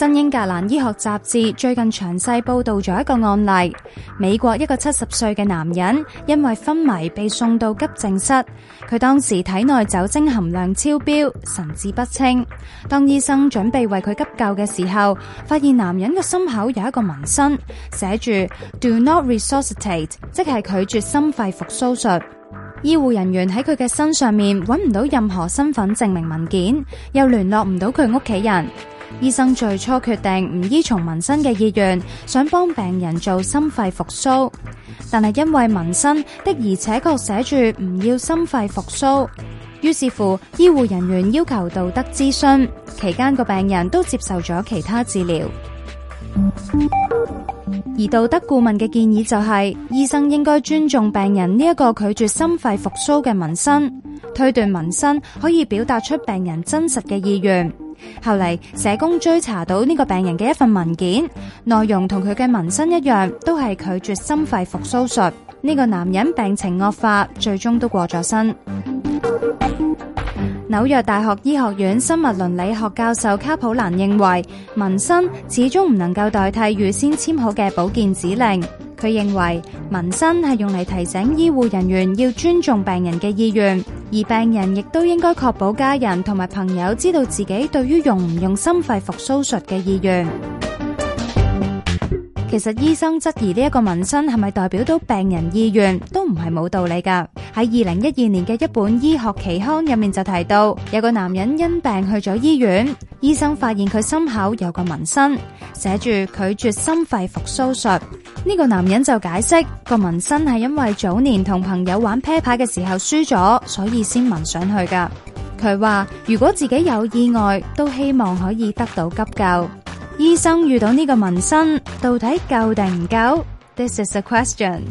《新英格蘭醫學雜誌》最近詳細報道咗一個案例：美國一個七十歲嘅男人因為昏迷被送到急症室，佢當時體內酒精含量超標，神志不清。當醫生準備為佢急救嘅時候，發現男人嘅心口有一個紋身，寫住 “Do not resuscitate”，即係拒絕心肺復蘇術。醫護人員喺佢嘅身上面揾唔到任何身份證明文件，又聯絡唔到佢屋企人。醫生最初決定唔依從紋身嘅意願，想幫病人做心肺復蘇，但係因為紋身的而且確寫住唔要心肺復蘇，於是乎醫護人員要求道德諮詢。期間個病人都接受咗其他治療，而道德顧問嘅建議就係醫生應該尊重病人呢一個拒絕心肺復蘇嘅紋身，推斷紋身可以表達出病人真實嘅意願。後嚟社工追查到呢個病人嘅一份文件，內容同佢嘅紋身一樣，都係拒絕心肺復蘇術。呢個男人病情惡化，最終都過咗身。紐約大學醫學院生物倫理學教授卡普蘭認為，紋身始終唔能夠代替預先簽好嘅保健指令。佢認為紋身係用嚟提醒醫護人員要尊重病人嘅意願，而病人亦都應該確保家人同埋朋友知道自己對於用唔用心肺復甦術嘅意願。其實醫生質疑呢一個紋身係咪代表到病人意願，都唔係冇道理㗎。喺二零一二年嘅一本醫學期刊入面就提到，有個男人因病去咗醫院，醫生發現佢心口有個紋身，寫住拒絕心肺復甦術。呢個男人就解釋，個紋身係因為早年同朋友玩啤牌嘅時候輸咗，所以先紋上去噶。佢話如果自己有意外，都希望可以得到急救。醫生遇到呢個紋身，到底救定唔救？This is a question。